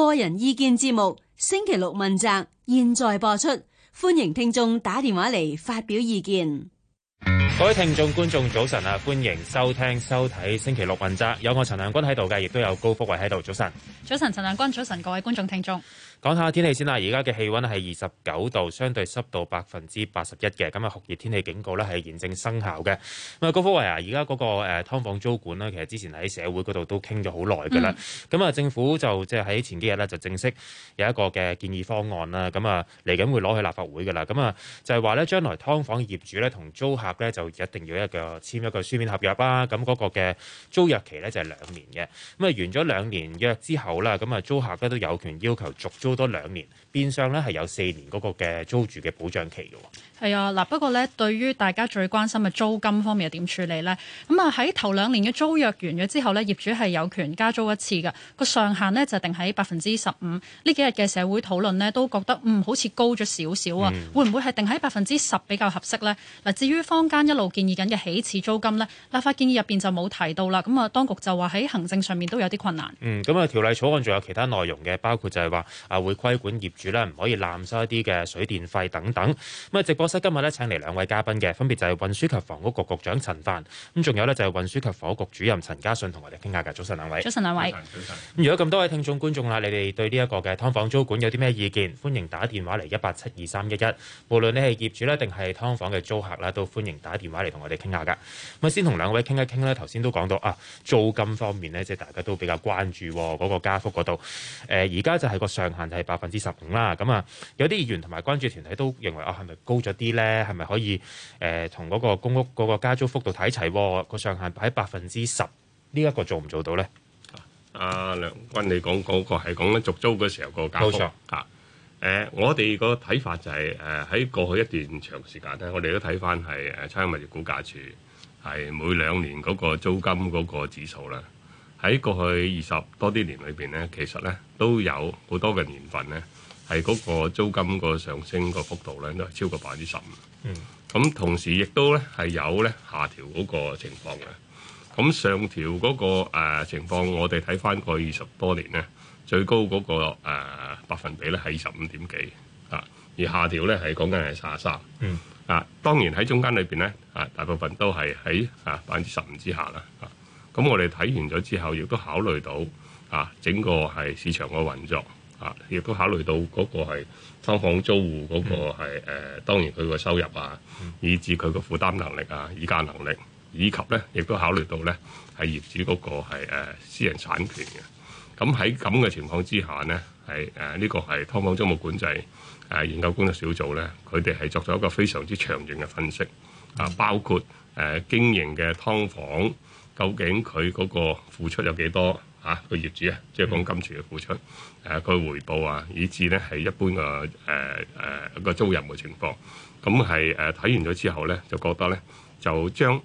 個人意見節目星期六問責，現在播出，歡迎聽眾打電話嚟發表意見。各位聽眾觀眾早晨啊，歡迎收聽收睇星期六問責，有我陳亮君喺度嘅，亦都有高福慧喺度。早晨，早晨，陳亮君，早晨，各位觀眾聽眾。講下天氣先啦，而家嘅氣温係二十九度，相對濕度百分之八十一嘅。咁啊酷熱天氣警告呢係現正生效嘅。咁啊高福維啊，而家嗰個誒劏房租管呢，其實之前喺社會嗰度都傾咗好耐㗎啦。咁啊、嗯、政府就即係喺前幾日呢，就正式有一個嘅建議方案啦。咁啊嚟緊會攞去立法會㗎啦。咁啊就係話呢，將來劏房業主呢，同租客呢，就一定要一個簽一個書面合約啦。咁嗰個嘅租約期呢，就係兩年嘅。咁啊完咗兩年約之後啦，咁啊租客呢，都有權要求續租。租多，多兩年，變相咧係有四年嗰個嘅租住嘅保障期嘅喎。係啊，嗱，不過呢，對於大家最關心嘅租金方面又點處理呢？咁啊，喺頭兩年嘅租約完咗之後呢，業主係有權加租一次嘅，個上限呢，就定喺百分之十五。呢幾日嘅社會討論呢，都覺得，嗯，好似高咗少少啊，會唔會係定喺百分之十比較合適呢？嗱、嗯，至於坊間一路建議緊嘅起始租金呢，立法建議入邊就冇提到啦。咁啊，當局就話喺行政上面都有啲困難。嗯，咁啊，條例草案仲有其他內容嘅，包括就係、是、話。會規管業主咧，唔可以濫收一啲嘅水電費等等。咁啊，直播室今日咧，請嚟兩位嘉賓嘅，分別就係運輸及房屋局局，局長陳帆，咁仲有呢，就係運輸及房屋局主任陳嘉信同我哋傾下嘅。早晨兩位，早晨兩位。咁如果咁多位聽眾觀眾啦，你哋對呢一個嘅㓥房租管有啲咩意見？歡迎打電話嚟一八七二三一一，無論你係業主呢，定係劏房嘅租客啦，都歡迎打電話嚟同我哋傾下噶。咁啊，先同兩位傾一傾呢？頭先都講到啊，租金方面呢，即係大家都比較關注嗰、那個加幅嗰度。誒、呃，而家就係個上限。係百分之十五啦，咁啊，有啲議員同埋關注團體都認為啊，係、哦、咪高咗啲咧？係咪可以誒、同、呃、嗰個公屋嗰個加租幅度睇齊、那個上限擺喺百分之十呢一個做唔做到咧？阿梁君，你講嗰、那個係講緊續租嘅時候個減幅吓？誒錯、啊，我哋個睇法就係、是、誒、喺、呃、過去一段長時間咧，我哋都睇翻係誒，差餉物業估價處係每兩年嗰個租金嗰個指數咧。喺過去二十多啲年裏邊咧，其實咧都有好多嘅年份咧，係嗰個租金個上升個幅度咧都係超過百分之十五。嗯。咁同時亦都咧係有咧下調嗰個情況嘅。咁上調嗰個情況，嗰個呃、情況我哋睇翻過去二十多年咧，最高嗰、嗰個、呃、百分比咧係二十五點幾啊。而下調咧係講緊係三十三。嗯、啊，當然喺中間裏邊咧啊，大部分都係喺啊百分之十五之下啦。啊。咁我哋睇完咗之後，亦都考慮到啊，整個係市場嘅運作啊，亦都考慮到嗰個係劏房租戶嗰個係誒、呃，當然佢個收入啊，以至佢個負擔能力啊、議價能力，以及咧亦都考慮到咧係業主嗰個係、啊、私人產權嘅。咁喺咁嘅情況之下咧，係誒呢個係劏房租務管制誒、啊、研究工作小組咧，佢哋係作咗一個非常之詳盡嘅分析啊，包括誒、啊、經營嘅劏房。究竟佢嗰個付出有幾多嚇個、啊、業主啊？即係講金錢嘅付出，誒個、嗯啊、回報啊，以至咧係一般個誒誒個租入嘅情況咁係誒睇完咗之後咧，就覺得咧就將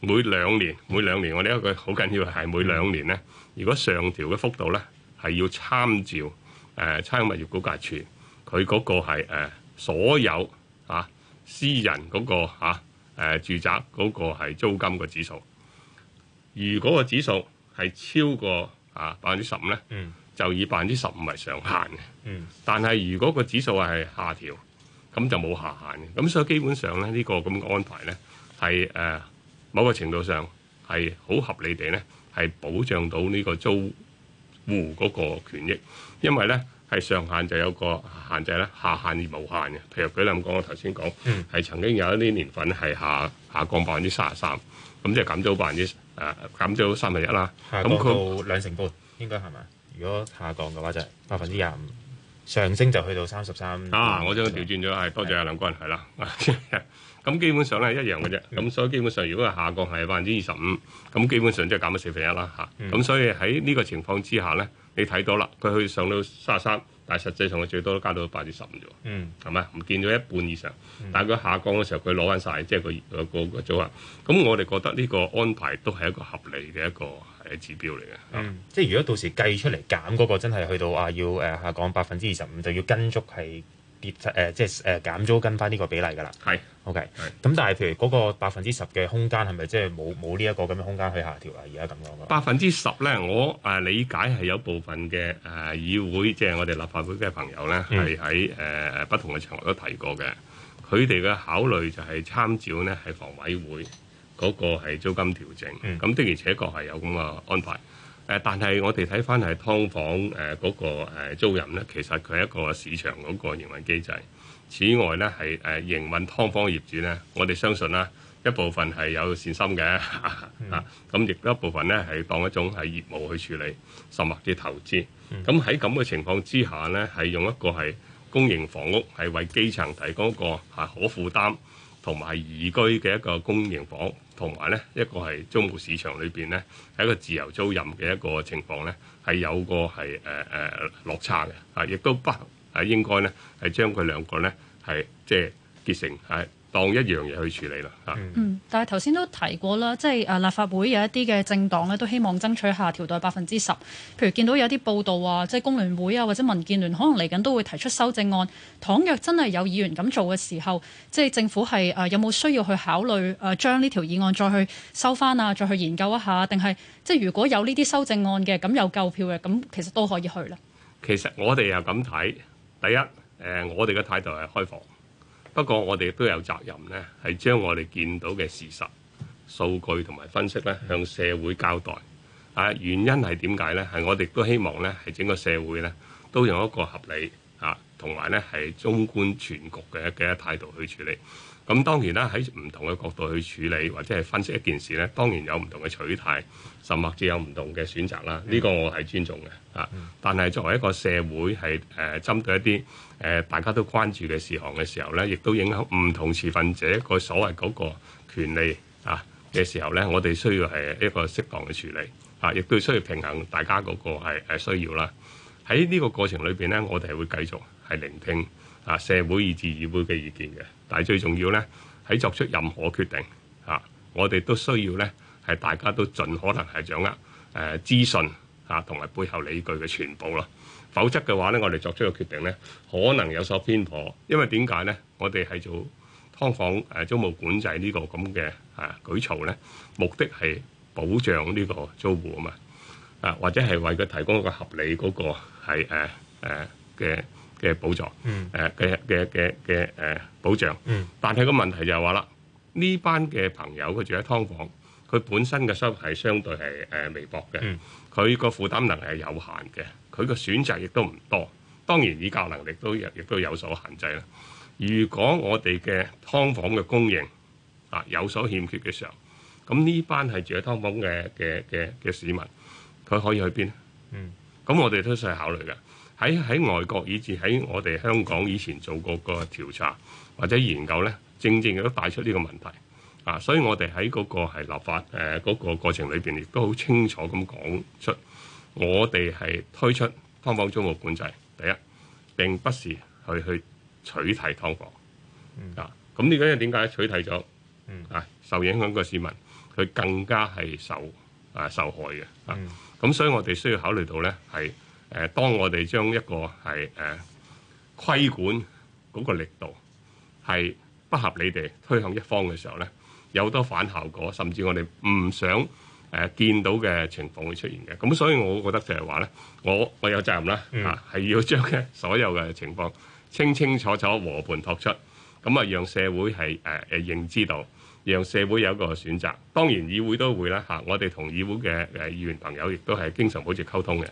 每兩年每兩年我兩年呢一個好緊要係每兩年咧，如果上調嘅幅度咧係要參照誒差餉物業估價署佢嗰個係、呃、所有嚇、啊、私人嗰、那個嚇、啊呃、住宅嗰個係租金嘅指數。如果個指數係超過啊百分之十五咧，呢嗯、就以百分之十五係上限嘅。嗯、但係如果個指數係下調，咁就冇下限嘅。咁所以基本上咧，呢、呢個咁嘅安排咧係誒某個程度上係好合理地咧，係保障到呢個租戶嗰個權益。因為咧係上限就有個限制咧，下限而無限嘅。譬如舉例講，我頭先講係曾經有一啲年份係下下降百分之三十三，咁即係減租百分之。誒、啊、減咗三分一啦，咁佢到兩成半，他應該係咪？如果下降嘅話就係百分之廿五，上升就去到三十三。啊，嗯、我將佢調轉咗，係吧多謝阿梁君，係啦。咁 基本上咧一樣嘅啫。咁、嗯、所以基本上，如果係下降係百分之二十五，咁基本上即係減咗四分一啦嚇。咁、嗯、所以喺呢個情況之下咧，你睇到啦，佢去上到三十三。但實際上佢最多都加到百分之十五啫喎，係咪？唔見咗一半以上，但係佢下降嘅時候佢攞翻晒，即係個個個組合。咁我哋覺得呢個安排都係一個合理嘅一個誒指標嚟嘅。嗯，即係如果到時計出嚟減嗰個，真係去到啊要誒下降百分之二十五，就要跟足係。跌、呃、即係誒、呃、減租跟翻呢個比例㗎啦，係 OK，係咁。但係譬如嗰個百分之十嘅空間係咪即係冇冇呢一個咁嘅空間去下調啊？而家咁樣，百分之十咧，我誒、呃、理解係有部分嘅誒議會，即係我哋立法會嘅朋友咧，係喺誒不同嘅場合都提過嘅，佢哋嘅考慮就係參照呢係房委會嗰、嗰個係租金調整，咁、嗯嗯、的而且確係有咁嘅安排。但係我哋睇翻係劏房誒嗰個租賃呢，其實佢係一個市場嗰個營運機制。此外呢，係誒、啊、營運劏房業主呢，我哋相信啦，一部分係有善心嘅 是的 啊，咁亦一部分呢，係當一種係業務去處理，甚至投資。咁喺咁嘅情況之下呢，係用一個係公營房屋係為基層提供一個係可負擔。同埋宜居嘅一個公營房，同埋咧一個係租務市場裏邊咧，喺一個自由租賃嘅一個情況咧，係有個係誒誒落差嘅啊，亦都不啊應該咧係將佢兩個咧係即係結成啊。當一樣嘢去處理啦。嗯，但係頭先都提過啦，即係誒立法會有一啲嘅政黨咧，都希望爭取下調到百分之十。譬如見到有啲報道話，即係工聯會啊，或者民建聯可能嚟緊都會提出修正案。倘若真係有議員咁做嘅時候，即係政府係誒有冇需要去考慮誒將呢條議案再去收翻啊，再去研究一下，定係即係如果有呢啲修正案嘅咁有夠票嘅咁，其實都可以去啦。其實我哋又咁睇，第一誒、呃，我哋嘅態度係開放。不過我哋都有責任呢，係將我哋見到嘅事實、數據同埋分析呢，向社會交代。啊，原因係點解呢？係我哋都希望呢，係整個社會呢都用一個合理啊，同埋呢係綜觀全局嘅嘅態度去處理。咁當然啦，喺唔同嘅角度去處理或者係分析一件事呢，當然有唔同嘅取態，甚至有唔同嘅選擇啦。呢個我係尊重嘅啊，但係作為一個社會係誒、呃、針對一啲。誒，大家都關注嘅事項嘅時候呢，亦都影響唔同持份者一個所謂嗰個權利啊嘅時候呢，我哋需要係一個適當嘅處理啊，亦都需要平衡大家嗰個係需要啦。喺呢個過程裏邊呢，我哋係會繼續係聆聽啊社會以至議會嘅意見嘅，但係最重要呢，喺作出任何決定啊，我哋都需要呢，係大家都盡可能係掌握誒、啊、資訊啊，同埋背後理據嘅全部啦。否則嘅話咧，我哋作出嘅決定咧，可能有所偏頗。因為點解咧？我哋係做劏房租、呃、務管制呢個咁、啊、呢個咁嘅舉措咧，目的係保障呢個租戶啊嘛。啊，或者係為佢提供一個合理嗰、嗰個係誒嘅嘅補助，誒嘅嘅嘅嘅誒保障。嗯。但係個問題就係話啦，呢班嘅朋友佢住喺劏房，佢本身嘅收入係相對係誒微薄嘅。嗯。佢個負擔能力係有限嘅，佢個選擇亦都唔多。當然，以教能力都亦都有所限制啦。如果我哋嘅劏房嘅供應啊有所欠缺嘅時候，咁呢班係住喺劏房嘅嘅嘅嘅市民，佢可以去邊呢？咁、嗯、我哋都想考慮嘅。喺喺外國以至喺我哋香港以前做過個調查或者研究呢，正正都帶出呢個問題。啊，所以我哋喺嗰個立法誒、嗰、呃那個過程裏邊，亦都好清楚咁講出，我哋係推出劏房租務管制，第一並不是去去取締劏房。啊，咁呢個因為點解取締咗。啊，受影響嘅市民佢更加係受啊受害嘅。咁、啊、所以我哋需要考慮到咧，係誒、呃、當我哋將一個係誒、呃、規管嗰個力度係不合理地推向一方嘅時候咧。有好多反效果，甚至我哋唔想誒、呃、見到嘅情況會出現嘅。咁所以，我覺得就係話咧，我我有責任啦，嚇係、嗯啊、要將嘅所有嘅情況清清楚楚和盤托出，咁啊，讓社會係誒誒認知道，讓社會有一個選擇。當然，議會都會啦，嚇、啊、我哋同議會嘅誒議員朋友亦都係經常保持溝通嘅。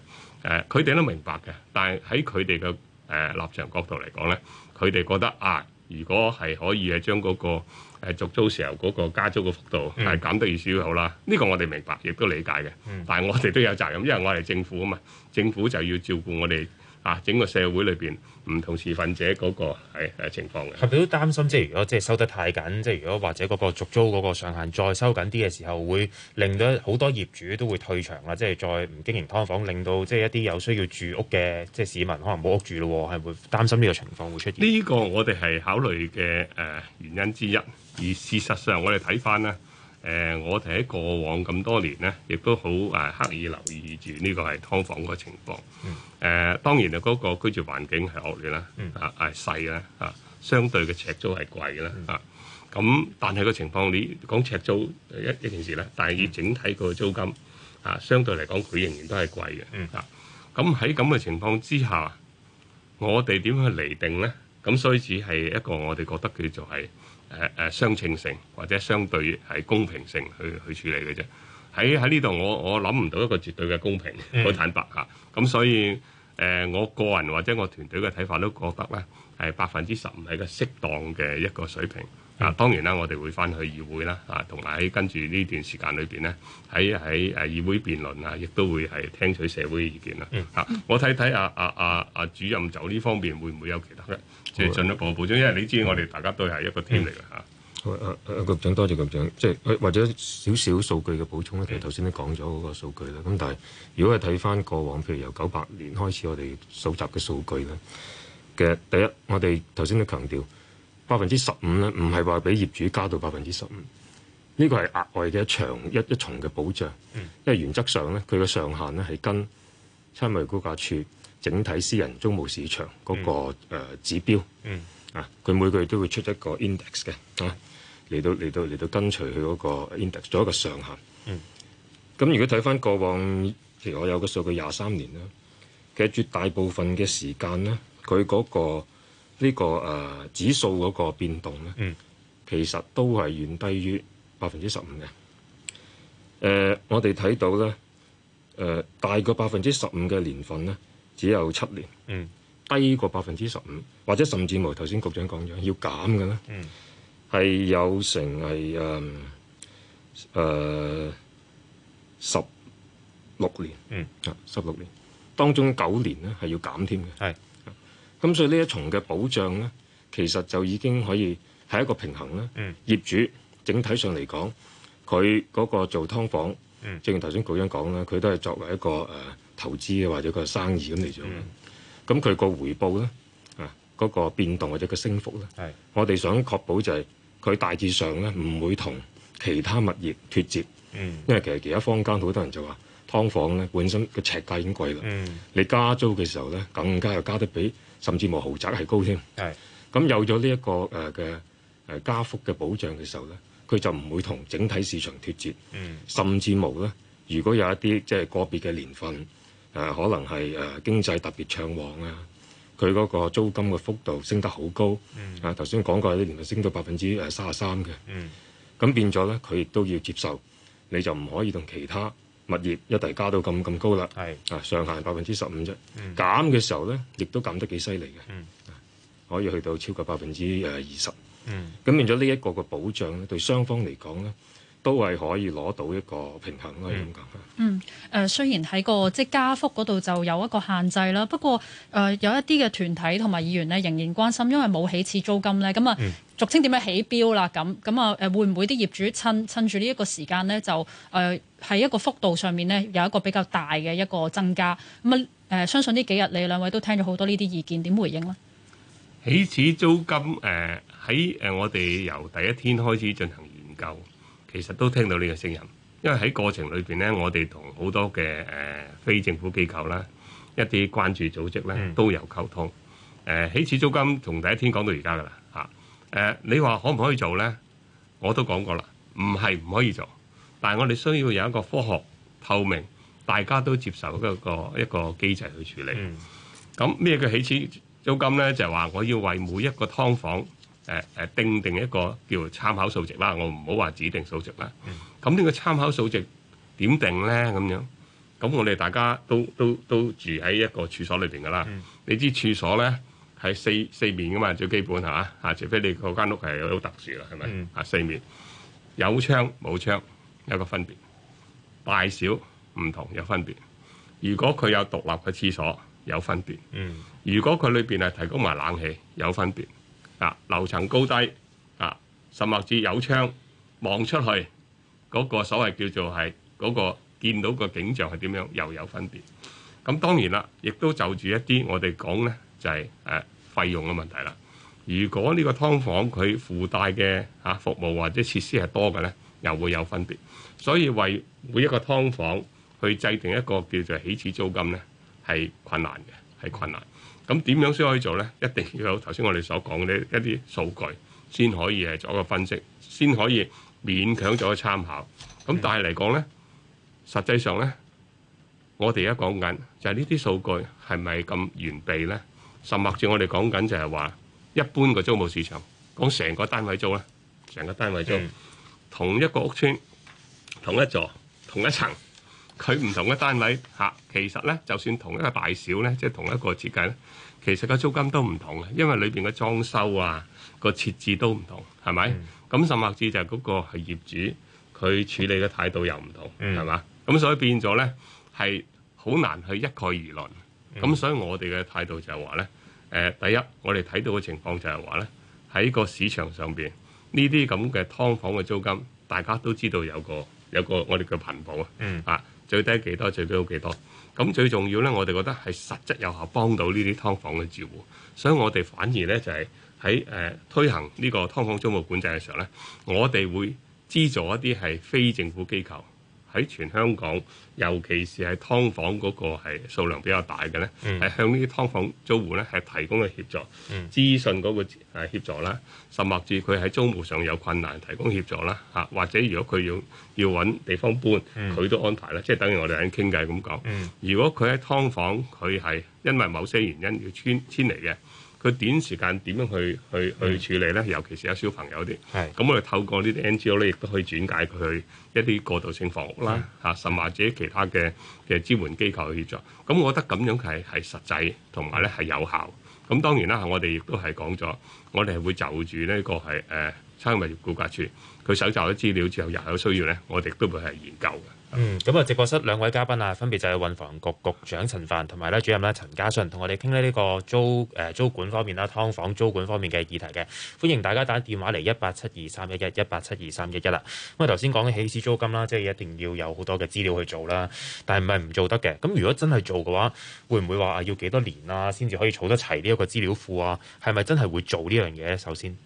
誒、啊，佢哋都明白嘅，但係喺佢哋嘅誒立場角度嚟講咧，佢哋覺得啊，如果係可以係將嗰、嗰個係續租時候嗰個加租嘅幅度係、嗯、減得越少好啦，呢、呢個我哋明白，亦都理解嘅。嗯、但係我哋都有責任，因為我哋政府啊嘛，政府就要照顧我哋啊整個社會裏邊唔同持份者嗰、嗰個係情況嘅。係咪都擔心即係如果即係收得太緊，即係如果或者嗰個續租嗰個上限再收緊啲嘅時候，會令到好多業主都會退場啦，即係再唔經營劏房，令到即係一啲有需要住屋嘅即係市民可能冇屋住咯，係會擔心呢個情況會出現。呢個我哋係考慮嘅誒原因之一。而事實上，我哋睇翻咧，誒、呃，我哋喺過往咁多年咧，亦都好誒刻意留意住呢個係劏房個情況。誒、嗯呃，當然啊，嗰個居住環境係惡劣啦、嗯啊，啊係細啦，啊相對嘅尺租係貴嘅啦，啊咁。但係個情況你講尺租一一件事咧，但係以整體個租金啊，相對嚟講，佢仍然都係貴嘅、嗯啊。啊，咁喺咁嘅情況之下，我哋點去厘定咧？咁、啊、所以只係一個我哋覺得佢就係。誒誒相稱性或者相對係公平性去去處理嘅啫，喺喺呢度我我諗唔到一個絕對嘅公平，好、mm hmm. 坦白嚇。咁、啊、所以誒、呃，我個人或者我團隊嘅睇法都覺得咧，係百分之十五係一個適當嘅一個水平。Mm hmm. 啊，當然啦、啊，我哋會翻去議會啦，嚇、啊，同埋喺跟住呢段時間裏邊咧，喺喺誒議會辯論啊，亦都會係聽取社會意見啦。嚇、mm hmm. 啊，我睇睇阿阿阿阿主任就呢方面會唔會有其他嘅？即係進一步補充，吧因為你知我哋大家都係一個 team 嚟嘅嚇。局長、呃、多謝局長，即係或者少少數據嘅補充咧。的其實頭先都講咗嗰個數據啦。咁但係如果係睇翻過往，譬如由九八年開始我哋搜集嘅數據咧，其實第一我哋頭先都強調百分之十五咧，唔係話俾業主加到百分之十五，呢個係額外嘅一層一一重嘅保障。因為原則上咧，佢嘅上限咧係跟差餉估價處。整體私人租務市場嗰個誒指標、mm. 啊，佢每個月都會出一個 index 嘅啊，嚟到嚟到嚟到跟隨佢嗰個 index 做一個上限。咁、mm. 如果睇翻過往，其實我有個數據廿三年啦，其實絕大部分嘅時間咧，佢嗰、嗰個呢、呢個誒、呃、指數嗰個變動咧，mm. 其實都係遠低於百分之十五嘅。誒、呃，我哋睇到咧，誒、呃、大過百分之十五嘅年份咧。只有七年，嗯，低過百分之十五，或者甚至乎頭先局長講咗要減嘅啦。嗯，係有成係誒誒十六年，嗯，嗯、十六年，當中九年咧係要減添嘅，係是，咁、嗯、所以呢一重嘅保障咧，其實就已經可以係一個平衡啦，嗯，業主整體上嚟講，佢嗰個做劏房，嗯、正如頭先局長講咧，佢都係作為一個誒，呃投資嘅或者個生意咁嚟做，咁佢個回報咧，啊嗰、嗰個變動或者個升幅咧，是我哋想確保就係佢大致上咧唔、嗯、會同其他物業脱節，嗯、因為其實其他坊間好多人就話，劏房咧本身個尺價已經貴啦，嗯、你加租嘅時候咧更加又加得比甚至冇豪宅係高添，咁是有咗呢一個誒嘅誒加幅嘅保障嘅時候咧，佢就唔會同整體市場脱節，嗯、甚至冇咧，如果有一啲即係個別嘅年份。誒、啊、可能係誒、啊、經濟特別暢旺啊，佢嗰個租金嘅幅度升得好高，嗯、啊頭先講過啲年率升到百分之誒三十三嘅，咁、嗯、變咗咧佢亦都要接受，你就唔可以同其他物業一齊加到咁咁高啦，是啊上限百分之十五啫，減嘅、嗯、時候咧亦都減得幾犀利嘅，嗯、可以去到超過百分之誒二十，咁、嗯嗯、變咗呢一個嘅保障咧對雙方嚟講咧，都係可以攞到一個平衡咯，咁講、嗯。嗯、呃、誒，雖然喺個即係加幅嗰度就有一個限制啦，不過誒、呃、有一啲嘅團體同埋議員咧仍然關心，因為冇起始租金呢咁啊俗稱點樣起標啦？咁咁啊誒，會唔會啲業主趁趁住呢一個時間呢，就誒喺、呃、一個幅度上面呢，有一個比較大嘅一個增加咁啊？誒、呃，相信呢幾日你兩位都聽咗好多呢啲意見，點回應呢？起始租金誒喺誒我哋由第一天開始進行研究。其實都聽到呢個聲音，因為喺過程裏邊呢，我哋同好多嘅誒、呃、非政府機構啦，一啲關注組織咧都有溝通。誒、嗯呃、起始租金從第一天講到而家噶啦嚇。誒、啊呃、你話可唔可以做呢？我都講過啦，唔係唔可以做，但係我哋需要有一個科學透明、大家都接受嘅一個一個機制去處理。咁咩、嗯、叫起始租金呢？就係、是、話我要為每一個劏房。誒誒，定定一個叫參考數值啦，我唔好話指定數值啦。咁、嗯、呢個參考數值點定咧？咁樣，咁我哋大家都都都住喺一個處所裏邊噶啦。嗯、你知處所咧喺四四面噶嘛，最基本係嘛吓，除非你嗰間屋係好特殊啦，係咪啊？嗯、四面有窗冇窗有個分別，大小唔同有分別。如果佢有獨立嘅廁所有分別。嗯、如果佢裏邊係提供埋冷氣有分別。啊，樓層高低啊，甚至有窗望出去嗰個所謂叫做係嗰個見到個景象係點樣，又有分別。咁當然啦，亦都就住一啲我哋講呢，就係誒費用嘅問題啦。如果呢個劏房佢附帶嘅嚇服務或者設施係多嘅呢，又會有分別。所以為每一個劏房去制定一個叫做起始租金呢，係困難嘅，係困難。咁點樣先可以做咧？一定要有頭先我哋所講嘅一啲數據，先可以係做一個分析，先可以勉強做一個參考。咁但係嚟講咧，實際上咧，我哋而家講緊就係呢啲數據係咪咁完備咧？甚或者我哋講緊就係話一般個租務市場講成個單位租咧，成個單位租同一個屋村同一座同一層。佢唔同嘅單位嚇、啊，其實咧就算同一個大小，咧，即係同一個設計咧，其實個租金都唔同嘅，因為裏邊嘅裝修啊、個設置都唔同，係咪？咁、嗯、甚至就係嗰個係業主佢處理嘅態度又唔同，係嘛、嗯？咁所以變咗咧係好難去一概而論。咁、嗯、所以我哋嘅態度就係話咧，誒、呃、第一我哋睇到嘅情況就係話咧，喺個市場上邊呢啲咁嘅劏房嘅租金，大家都知道有個有個，有個我哋嘅貧富啊，啊。嗯最低幾多，最高幾多？咁最重要咧，我哋覺得係實質有效幫到呢啲劏房嘅住戶，所以我哋反而咧就係喺誒推行呢個劏房租務管制嘅時候咧，我哋會資助一啲係非政府機構。喺全香港，尤其是係劏房嗰個係數量比較大嘅咧，係、嗯、向呢啲劏房租戶咧係提供嘅協助、資訊嗰個誒協助啦，甚至佢喺租戶上有困難提供協助啦嚇，或者如果佢要要揾地方搬，佢、嗯、都安排啦，即係等於我哋喺傾偈咁講。嗯、如果佢喺劏房，佢係因為某些原因要遷遷嚟嘅。佢短時間點樣去去去處理咧？尤其是一啲小朋友啲，咁是我哋透過呢啲 NGO 咧，亦都可以轉介佢去一啲過渡性房屋啦，嚇是，甚至或者其他嘅嘅支援機構去做。咁我覺得咁樣係係實際，同埋咧係有效。咁當然啦，我哋亦都係講咗，我哋係會就住呢個係誒差餉物業估價署佢搜集咗資料之後，又有需要咧，我哋都會係研究。嗯，咁啊，直播室兩位嘉賓啊，分別就係運房局局長陳帆同埋咧主任咧陳嘉信，同我哋傾咧呢個租誒、呃、租管方面啦，劏房租管方面嘅議題嘅。歡迎大家打電話嚟一八七二三一一一八七二三一一啦。咁啊，頭先講起起始租金啦，即係一定要有好多嘅資料去做啦，但係唔係唔做得嘅？咁如果真係做嘅話，會唔會話啊要幾多年啦先至可以儲得齊呢一個資料庫啊？係咪真係會做呢樣嘢？首先，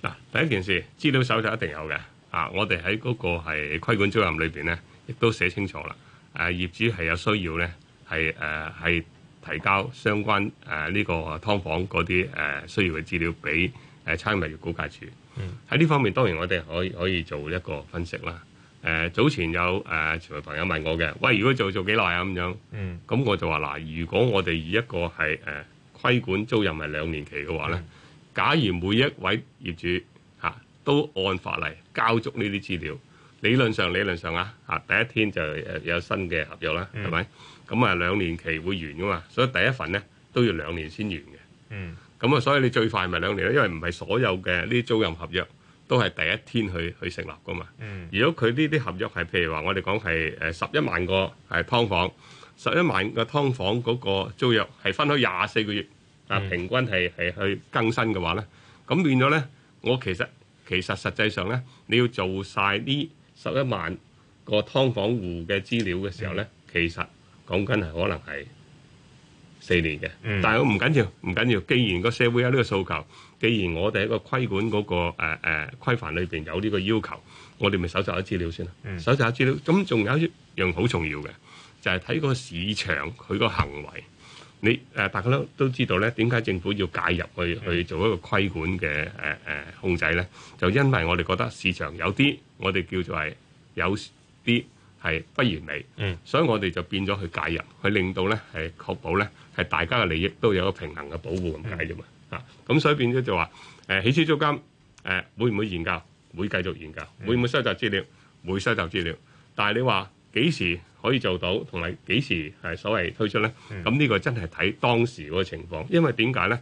第一件事，資料搜集一定有嘅啊，我哋喺嗰個係規管租任裏邊呢。亦都寫清楚啦。誒、啊、業主係有需要咧，係誒係提交相關誒呢、呃這個劏房嗰啲誒需要嘅資料俾誒、呃、差餉物業估價處。喺呢、嗯、方面，當然我哋可以可以做一個分析啦。誒、呃、早前有誒、呃、傳媒朋友問我嘅，喂，如果做做幾耐啊？咁樣，咁、嗯、我就話嗱，如果我哋以一個係誒、呃、規管租賃係兩年期嘅話咧、嗯嗯，假如每一位業主嚇、啊、都按法例交足呢啲資料。理論上，理論上啊，啊第一天就誒有新嘅合約啦，係咪？咁啊兩年期會完㗎嘛，所以第一份呢都要兩年先完嘅。嗯，咁啊，所以你最快咪兩年咯，因為唔係所有嘅呢啲租賃合約都係第一天去去成立㗎嘛。嗯，如果佢呢啲合約係譬如話我哋講係誒十一萬個係劏房，十一萬個劏房嗰個租約係分開廿四個月啊，平均係係去更新嘅話呢，咁變咗呢，我其實其實實際上呢，你要做晒啲十一萬個劏房戶嘅資料嘅時候呢，嗯、其實講緊係可能係四年嘅，嗯、但我係我唔緊要，唔緊要。既然個社會有呢個訴求，既然我哋喺個規管嗰、那個誒誒、呃呃、規範裏邊有呢個要求，我哋咪搜集啲資料先啦。蒐、嗯、集啲資料，咁仲有一樣好重要嘅，就係、是、睇個市場佢個行為。你誒，大家都都知道咧，點解政府要介入去、嗯、去做一個規管嘅誒誒控制咧？就因為我哋覺得市場有啲，我哋叫做係有啲係不完美，嗯、所以我哋就變咗去介入，去令到咧係確保咧係大家嘅利益都有一個平衡嘅保護咁解啫嘛嚇。咁、嗯啊、所以變咗就話誒、呃、起始租金誒、呃、會唔會研究？會繼續研究，嗯、會唔會收集資料？會收集資料，但係你話幾時？可以做到同埋幾時係所謂推出呢？咁呢的個真係睇當時個情況，因為點解呢？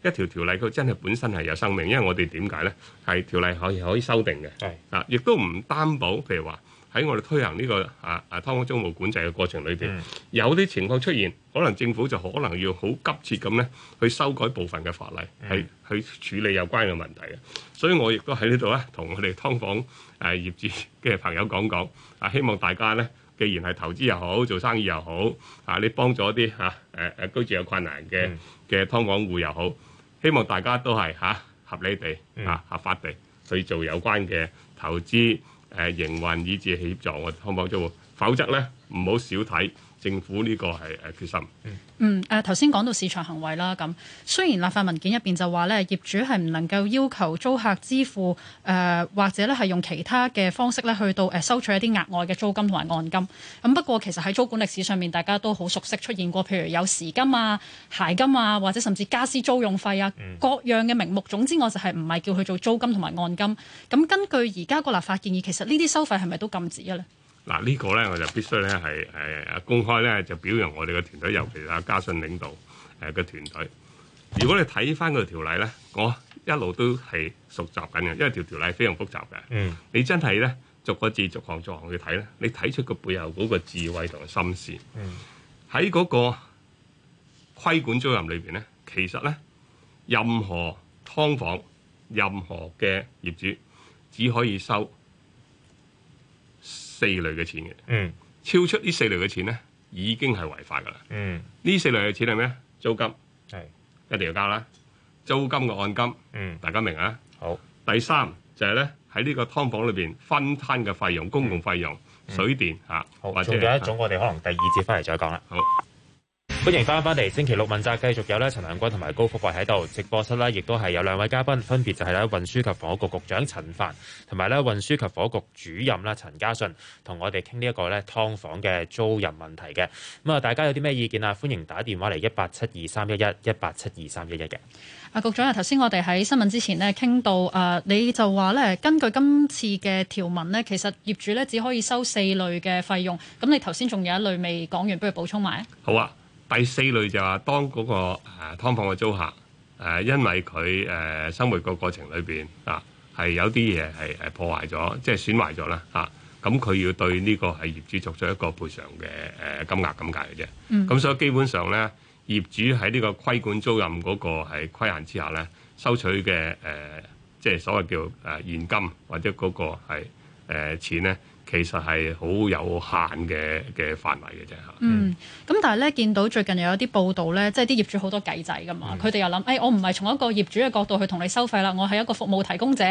一條條例佢真係本身係有生命，因為我哋點解呢？係條例可以可以修訂嘅，的啊，亦都唔擔保。譬如話喺我哋推行呢個啊啊劏房租務管制嘅過程裏邊，的有啲情況出現，可能政府就可能要好急切咁咧去修改部分嘅法例，係的去處理有關嘅問題嘅。所以我亦都喺呢度咧同我哋劏房誒業主嘅朋友講講啊,啊，希望大家咧。啊啊既然係投資又好，做生意又好，啊，你幫咗啲嚇誒誒居住有困難嘅嘅劏房戶又好，希望大家都係嚇、啊、合理地啊、嗯、合法地去做有關嘅投資誒、啊、營運，以至協助我哋劏房租戶，否則咧唔好小睇。政府呢個係誒決心。嗯。嗯、啊。誒頭先講到市場行為啦，咁雖然立法文件入邊就話咧，業主係唔能夠要求租客支付誒、呃，或者咧係用其他嘅方式咧去到誒收取一啲額外嘅租金同埋按金。咁不過其實喺租管歷史上面，大家都好熟悉出現過，譬如有時金啊、鞋金啊，或者甚至家私租用費啊，各樣嘅名目。總之我就係唔係叫佢做租金同埋按金。咁根據而家個立法建議，其實呢啲收費係咪都禁止嘅咧？嗱呢個咧我就必須咧係誒公開咧就表揚我哋嘅團隊，尤其阿嘉信領導誒嘅團隊。如果你睇翻個條例咧，我一路都係熟習緊嘅，因為條條例非常複雜嘅。嗯、你真係咧逐個字逐行逐行去睇咧，你睇出個背後嗰個智慧同埋心思。喺嗰、嗯、個規管租務裏邊咧，其實咧任何劏房、任何嘅業主只可以收四類嘅錢嘅，嗯，超出呢四類嘅錢咧，已經係違法噶啦，嗯，呢四類嘅錢係咩？租金係是一定要交啦，租金嘅按金，嗯，大家明啊？好，第三就係咧喺呢個劏房裏邊分攤嘅費用，公共費用，嗯、水電吓，嗯啊、好，或仲有一種我哋可能第二節翻嚟再講啦，好。歡迎翻返嚟星期六問責，繼續有咧陳良軍同埋高福慧喺度直播室呢，亦都係有兩位嘉賓，分別就係咧運輸及房屋局局長陳帆同埋咧運輸及房屋局主任啦陳嘉信，同我哋傾呢一個咧劏房嘅租入問題嘅。咁啊，大家有啲咩意見啊？歡迎打電話嚟一八七二三一一一八七二三一一嘅。阿局長啊，頭先我哋喺新聞之前咧傾到，誒你就話咧根據今次嘅條文咧，其實業主咧只可以收四類嘅費用。咁你頭先仲有一類未講完，不如補充埋啊？好啊。第四類就係當嗰個誒劏房嘅租客誒，因為佢誒生活個過程裏邊啊，係有啲嘢係誒破壞咗，即係損壞咗啦嚇。咁佢要對呢個係業主作出一個賠償嘅誒金額咁解嘅啫。咁、嗯、所以基本上咧，業主喺呢個規管租賃嗰個係規限之下咧，收取嘅誒即係所謂叫誒現金或者嗰個係誒、呃、錢咧。其實係好有限嘅嘅範圍嘅啫嚇。嗯，咁但係咧見到最近有一啲報道咧，即係啲業主好多計仔噶嘛。佢哋又諗，誒我唔係從一個業主嘅角度去同你收費啦，我係一個服務提供者，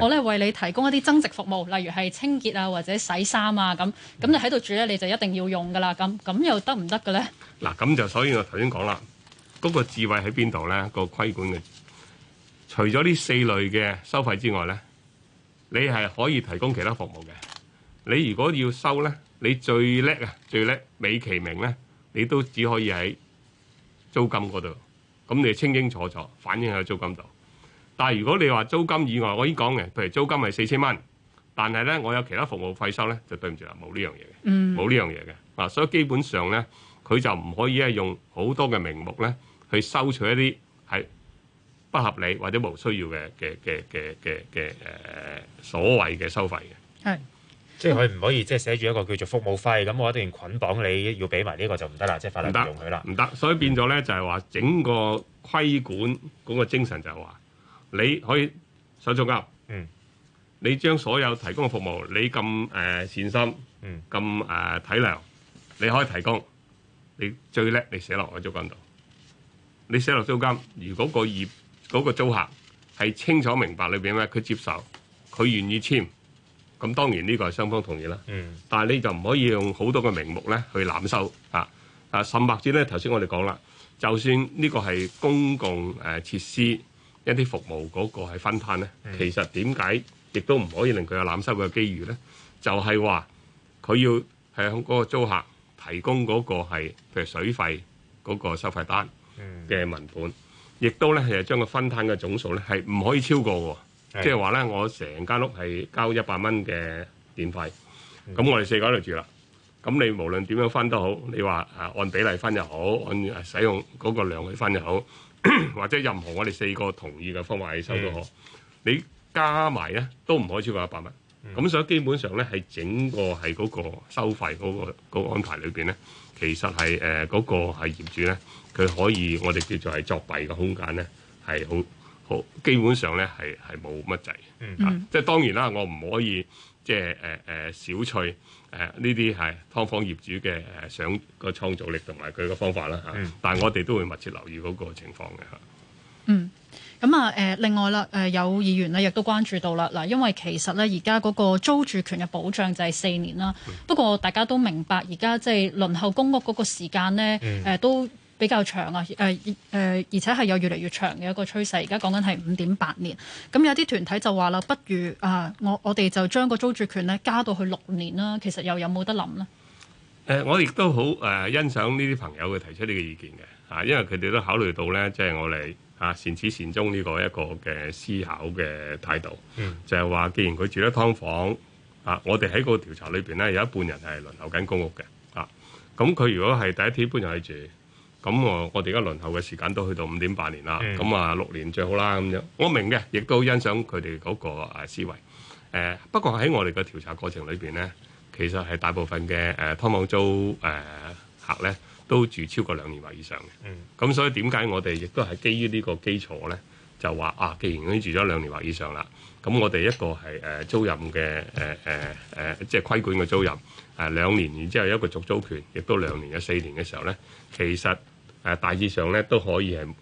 我咧為你提供一啲增值服務，例如係清潔啊或者洗衫啊咁。咁你喺度住咧，你就一定要用噶啦。咁咁又得唔得嘅咧？嗱，咁就所以我頭先講啦，嗰個智慧喺邊度咧？個規管嘅，除咗呢四類嘅收費之外咧，你係可以提供其他服務嘅。你如果要收呢，你最叻啊，最叻美其名呢，你都只可以喺租金嗰度。咁你清清楚楚反映喺租金度。但係如果你話租金以外，我已經講嘅，譬如租金係四千蚊，但係呢，我有其他服務費收呢，就對唔住啦，冇呢樣嘢嘅，冇呢樣嘢嘅啊。所以基本上呢，佢就唔可以咧用好多嘅名目呢，去收取一啲係不合理或者冇需要嘅嘅嘅嘅嘅嘅所謂嘅收費嘅。係。即係佢唔可以即係寫住一個叫做服務費，咁我一定要捆綁你要俾埋呢個就唔得啦，即係法律唔容許啦。唔得，所以變咗咧就係話整個規管嗰個精神就係話，你可以收租金。嗯，你將所有提供嘅服務，你咁誒、呃、善心，咁誒、嗯呃、體諒，你可以提供，你最叻你寫落去租金度，你寫落租、租金。如果個業嗰、嗰個租客係清楚明白裏邊咩，佢接受，佢願意簽。咁當然呢個係雙方同意啦，嗯、但係你就唔可以用好多個名目咧去濫收啊！啊，甚至咧頭先我哋講啦，就算呢個係公共誒、呃、設施一啲服務嗰個係分攤咧，嗯、其實點解亦都唔可以令佢有濫收嘅機遇咧？就係話佢要向嗰個租客提供嗰個係譬如水費嗰個收費單嘅文本，亦、嗯、都咧係將個分攤嘅總數咧係唔可以超過。即係話咧，我成間屋係交一百蚊嘅電費，咁的我哋四個喺度住啦。咁你無論點樣分都好，你話誒按比例分又好，按使用嗰個量去分又好， 或者任何我哋四個同意嘅方法去收都好，的你加埋咧都唔可以超過一百蚊。咁的所以基本上咧，係整個係嗰個收費嗰、嗰個嗰個安排裏邊咧，其實係誒嗰個係業主咧，佢可以我哋叫做係作弊嘅空間咧，係好。好，基本上咧，係係冇乜滯，嗯，啊、即係當然啦，我唔可以即係誒誒小覷誒呢啲係劏房業主嘅誒想個創造力同埋佢嘅方法啦嚇、啊，但係我哋都會密切留意嗰個情況嘅嚇、嗯。嗯，咁啊誒，另外啦誒，有議員咧亦都關注到啦嗱，因為其實咧，而家嗰個租住權嘅保障就係四年啦，不過大家都明白而家即係輪候公屋嗰個時間咧誒都。嗯嗯比較長啊，誒、呃、誒、呃，而且係有越嚟越長嘅一個趨勢。而家講緊係五點八年，咁有啲團體就話啦，不如啊，我我哋就將個租住權咧加到去六年啦。其實又有冇得諗呢？誒、呃，我亦都好誒、呃，欣賞呢啲朋友嘅提出呢個意見嘅嚇、啊，因為佢哋都考慮到咧，即、就、係、是、我哋嚇、啊、善始善終呢個一個嘅思考嘅態度。嗯、就係話，既然佢住咗劏房啊，我哋喺個調查裏邊咧有一半人係輪流緊公屋嘅啊，咁、啊、佢如果係第一天搬入去住。咁、嗯、我我哋而家輪候嘅時間都去到五點八年啦，咁啊六年最好啦咁樣。我明嘅，亦都好欣賞佢哋嗰個思維。誒、呃、不過喺我哋嘅調查過程裏邊咧，其實係大部分嘅誒劏房租誒、呃、客咧都住超過兩年或以上嘅。嗯，咁所以點解我哋亦都係基於呢個基礎咧，就話啊，既然已經住咗兩年或以上啦，咁我哋一個係誒、呃、租賃嘅誒誒誒，即係規管嘅租賃誒兩年，然之後一個續租權，亦都兩年嘅四年嘅時候咧，其實。其實誒大致上咧都可以係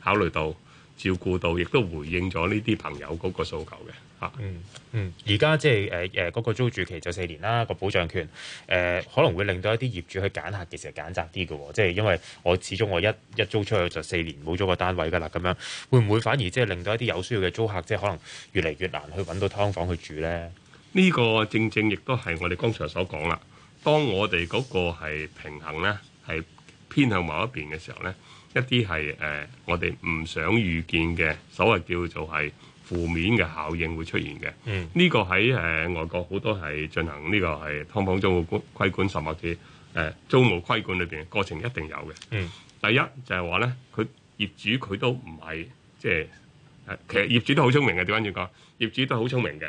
考慮到照顧到，亦都回應咗呢啲朋友嗰個訴求嘅嚇、啊嗯。嗯嗯，而家即係誒誒嗰個租住期就四年啦，個保障權誒、呃、可能會令到一啲業主去揀客嘅時候揀窄啲嘅喎，即係因為我始終我一一租出去就四年冇咗個單位㗎啦，咁樣會唔會反而即係令到一啲有需要嘅租客即係可能越嚟越難去揾到劏房去住咧？呢個正正亦都係我哋剛才所講啦，當我哋嗰個係平衡咧係。偏向某一邊嘅時候咧，一啲係誒我哋唔想預見嘅，所謂叫做係負面嘅效應會出現嘅。嗯，呢個喺誒、呃、外國好多係進行呢、這個係劏房租務規管甚至誒租務規管裏邊嘅過程一定有嘅。嗯，第一就係話咧，佢業主佢都唔係即係。就是其實業主都好聰明嘅，點樣要講？業主都好聰明嘅。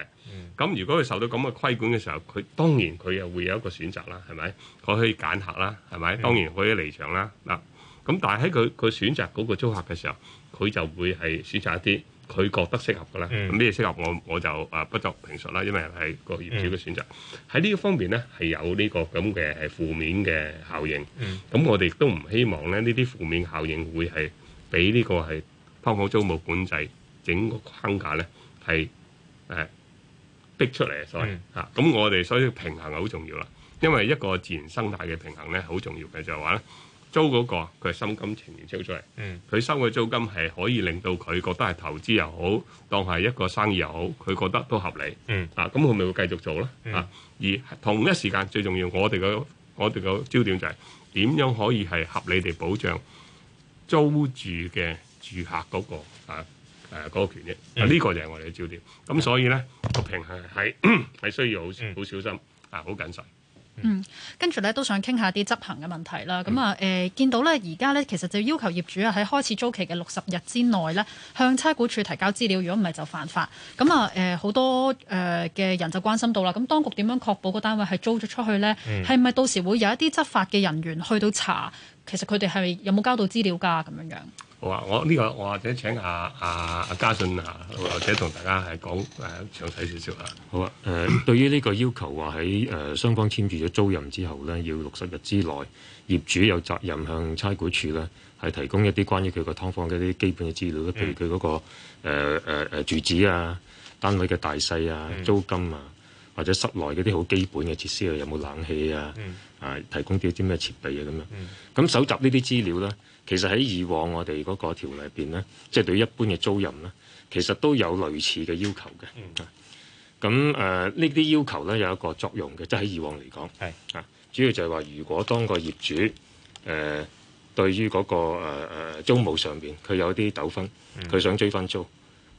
咁、嗯、如果佢受到咁嘅規管嘅時候，佢當然佢又會有一個選擇啦，係咪？佢可以揀客啦，係咪？嗯、當然可以離場啦。嗱、啊，咁但係喺佢佢選擇嗰個租客嘅時候，佢就會係選擇一啲佢覺得適合嘅啦。咁咩適合我我就啊不作評述啦，因為係個業主嘅選擇。喺呢個方面咧，係有呢個咁嘅係負面嘅效應。咁我哋亦都唔希望咧呢啲負面效應會係俾呢個係劏房租務管制。整個框架咧係誒逼出嚟，所以嚇咁。嗯啊、我哋所以平衡好重要啦，因為一個自然生態嘅平衡咧好重要嘅，就係話咧租嗰個佢係心甘情願租出嚟，佢、嗯、收嘅租金係可以令到佢覺得係投資又好，當係一個生意又好，佢覺得都合理、嗯、啊。咁佢咪會繼續做囉、嗯、啊？而同一時間最重要，我哋嘅我哋嘅焦點就係、是、點樣可以係合理地保障租住嘅住客嗰個啊。啊誒嗰、啊那個權益，呢、啊這個就係我哋嘅焦點。咁所以呢，個、嗯、平衡喺係需要好好、嗯、小心啊，好謹慎。嗯，跟住咧都想傾下啲執行嘅問題啦。咁啊誒、呃，見到呢，而家呢，其實就要求業主啊喺開始租期嘅六十日之內呢，向差估署提交資料。如果唔係就犯法。咁啊誒，好、呃、多誒嘅、呃、人就關心到啦。咁當局點樣確保個單位係租咗出去呢？係咪、嗯、到時會有一啲執法嘅人員去到查？其實佢哋係有冇交到資料㗎咁樣樣？好啊，我呢、這個我或者請阿阿阿嘉信啊，或者同大家係講誒、啊、詳細少少啊。好啊，誒、呃、對於呢個要求話喺誒雙方簽署咗租任之後咧，要六十日之內，業主有責任向差餉署咧係提供一啲關於佢個劏房一啲基本嘅資料，譬、嗯、如佢嗰、那個誒誒、呃呃、住址啊、單位嘅大細啊、嗯、租金啊。或者室內嗰啲好基本嘅設施啊，有冇冷氣啊？啊，mm. 提供啲啲咩設備啊？咁樣咁、mm. 搜集呢啲資料咧，其實喺以往我哋嗰個條例入邊咧，即、就、係、是、對一般嘅租賃咧，其實都有類似嘅要求嘅。咁誒呢啲要求咧有一個作用嘅，即係喺以往嚟講係啊，mm. 主要就係話如果當個業主誒、呃、對於嗰、那個誒、呃、租務上邊佢有啲糾紛，佢想追翻租